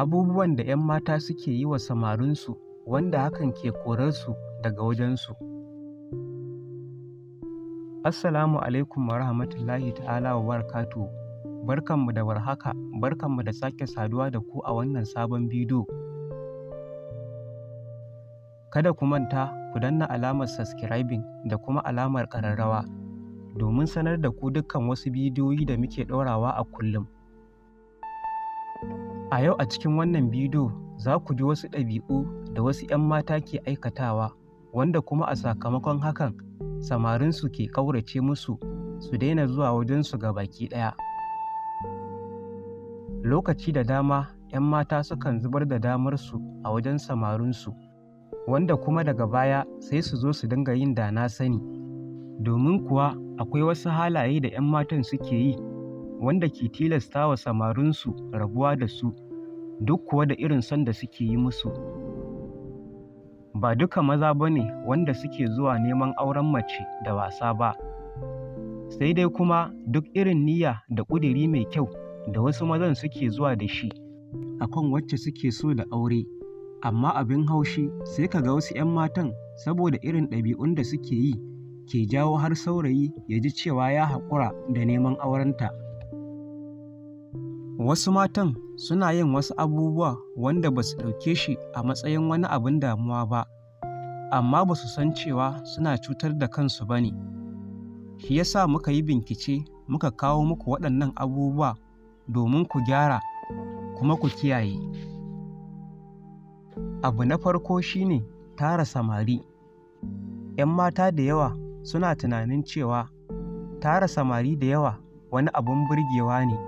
Abubuwan da 'yan mata suke yi wa samarinsu wanda hakan ke korarsu daga wajensu. Assalamu alaikum wa rahmatullahi ta'ala wa barakatuhu. Barkanmu da warhaka, barkanmu da sake saduwa da ku a wannan sabon bidiyo. Kada ku manta ku danna alamar subscribing da kuma alamar ƙararrawa domin sanar da ku dukkan wasu bidiyoyi da muke ɗaurawa a kullum. A yau a cikin wannan bidiyo za ku ji wasu ɗabi'u da wasu 'yan mata ke aikatawa wanda kuma a sakamakon hakan samarinsu ke ƙaurace musu su daina zuwa wajensu ga baki ɗaya. Lokaci da dama 'yan mata sukan zubar da damarsu a wajen samarinsu wanda kuma daga baya sai su zo su dinga yin da na sani domin kuwa akwai wasu halaye da 'yan matan suke yi wanda ke tilasta wa samarinsu rabuwa da su duk kuwa da irin son da suke yi musu ba duka maza ba ne wanda suke zuwa neman auren mace da wasa ba sai dai kuma duk irin niyya da ƙudiri mai kyau da wasu mazan suke zuwa da shi akan wacce suke so da aure amma abin haushi sai ka ga wasu 'yan matan saboda irin ɗabi'un da suke yi ke jawo har saurayi ya ji cewa ya haƙura da neman aurenta. Wasu matan suna yin wasu abubuwa wanda ba su ɗauke shi a matsayin wani abin damuwa ba, amma ba su san cewa suna cutar da kansu ba ne. Shi sa muka yi bincike muka kawo muku waɗannan abubuwa domin ku gyara kuma ku kiyaye. Abu na farko shi ne tara samari. ‘Yan mata da yawa suna tunanin cewa tara samari da yawa wani abin burgewa ne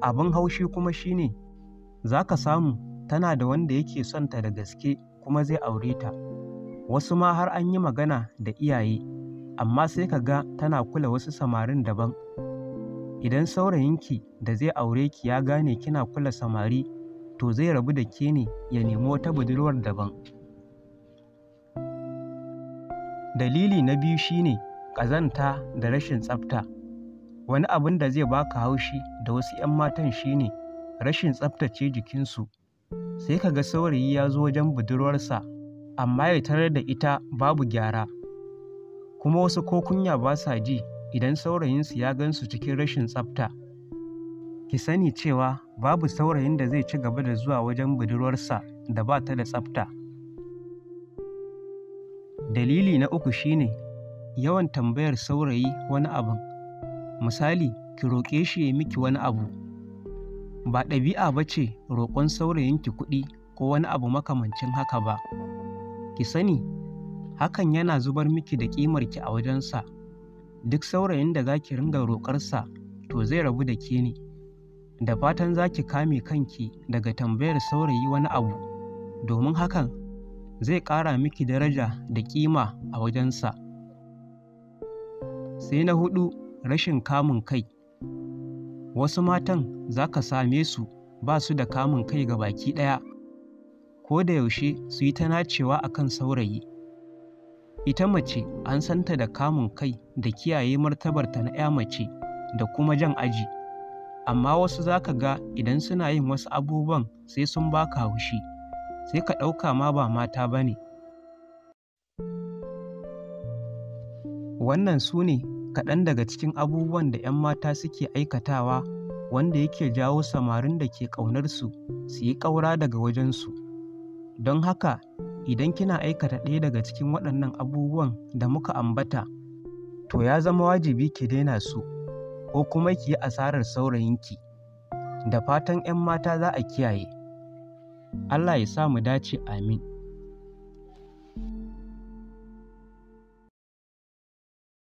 abin haushi kuma shi ne za ka samu tana da wanda yake son ta da gaske kuma zai aure ta wasu ma har an yi magana da iyaye amma sai ka ga tana kula wasu samarin daban idan saurayinki da zai aure ki ya gane kina kula samari to zai rabu da ke ne ya nemi wata budurwar daban Dalili na biyu shine ne ƙazanta da rashin tsafta. Wani abin da zai baka haushi da wasu 'yan matan shine ne rashin tsaftace jikinsu. Sai ka ga saurayi ya zo wajen budurwarsa amma ya tarar da ita babu gyara. Kuma wasu ko kunya ba sa ji idan saurayinsu ya gansu cikin rashin tsafta. Ki sani cewa babu saurayin da zai ci gaba da zuwa wajen budurwarsa da ba ta da tsafta. Dalili na uku shi ne yawan tambayar saurayi wani abin, misali ki roƙe shi ya miki wani abu, ba ɗabi'a ba ce roƙon saurayinki kuɗi ko wani abu makamancin haka ba, ki sani hakan yana zubar miki da ƙimarki a wajensa, duk saurayin da za ki ringa roƙarsa to zai rabu da ke ne, da fatan za ki kame kanki daga tambayar saurayi wani abu domin hakan zai ƙara miki daraja da ƙima a wajensa. Sai na huɗu rashin kamun kai. Wasu matan za ka same su ba su da kamun kai ga baki ɗaya, ko da yaushe su yi ta nacewa a kan saurayi. Ita mace an santa da kamun kai da kiyaye martabarta na ‘ya mace da kuma jan aji, amma wasu za ka ga idan suna yin wasu abubuwan sai sun baka haushi. sai ka ɗauka ma ba mata ba ne wannan su ne kaɗan daga cikin abubuwan da 'yan mata suke aikatawa wanda yake jawo samarin da ke ƙaunarsu su yi ƙaura daga wajensu don haka idan kina aikata ɗaya daga cikin waɗannan abubuwan da muka ambata to ya zama wajibi ki daina su ko kuma ki yi asarar saurayinki da fatan 'yan mata za a kiyaye Allah ya sa mu dace amin.